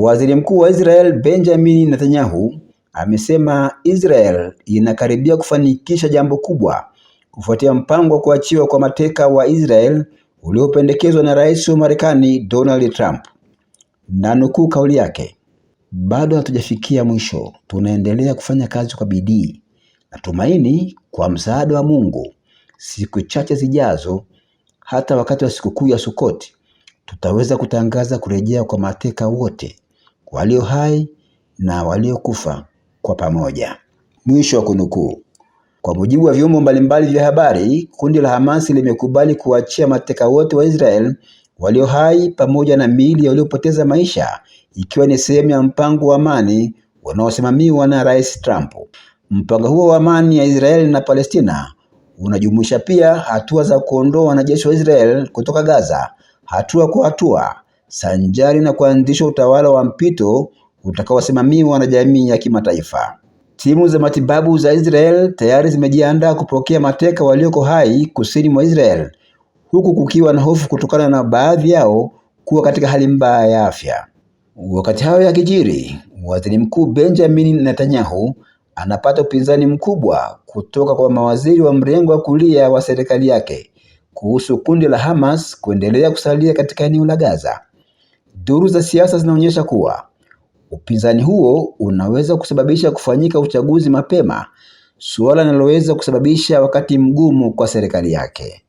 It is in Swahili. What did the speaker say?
Waziri Mkuu wa Israel Benjamin Netanyahu amesema Israel inakaribia kufanikisha jambo kubwa kufuatia mpango wa kuachiwa kwa mateka wa Israel uliopendekezwa na Rais wa Marekani Donald Trump. Na nukuu kauli yake, bado hatujafikia mwisho, tunaendelea kufanya kazi kwa bidii. Natumaini kwa msaada wa Mungu, siku chache zijazo, hata wakati wa sikukuu ya Sukoti, tutaweza kutangaza kurejea kwa mateka wote walio hai na waliokufa kwa pamoja. Mwisho wa kunukuu. Kwa mujibu wa vyombo mbalimbali vya habari, kundi la Hamasi limekubali kuachia mateka wote wa Israel walio hai pamoja na miili ya waliopoteza maisha, ikiwa ni sehemu ya mpango wa amani unaosimamiwa na Rais Trump. Mpango huo wa amani ya Israel na Palestina unajumuisha pia hatua za kuondoa wanajeshi wa Israel kutoka Gaza hatua kwa hatua sanjari na kuanzisha utawala wa mpito utakaosimamiwa na jamii ya kimataifa. Timu za matibabu za Israel tayari zimejiandaa kupokea mateka walioko hai kusini mwa Israel, huku kukiwa na hofu kutokana na baadhi yao kuwa katika hali mbaya ya afya. Wakati hayo kijiri waziri mkuu Benjamin Netanyahu anapata upinzani mkubwa kutoka kwa mawaziri wa mrengo wa kulia wa serikali yake kuhusu kundi la Hamas kuendelea kusalia katika eneo la Gaza. Duru za siasa zinaonyesha kuwa upinzani huo unaweza kusababisha kufanyika uchaguzi mapema, suala linaloweza kusababisha wakati mgumu kwa serikali yake.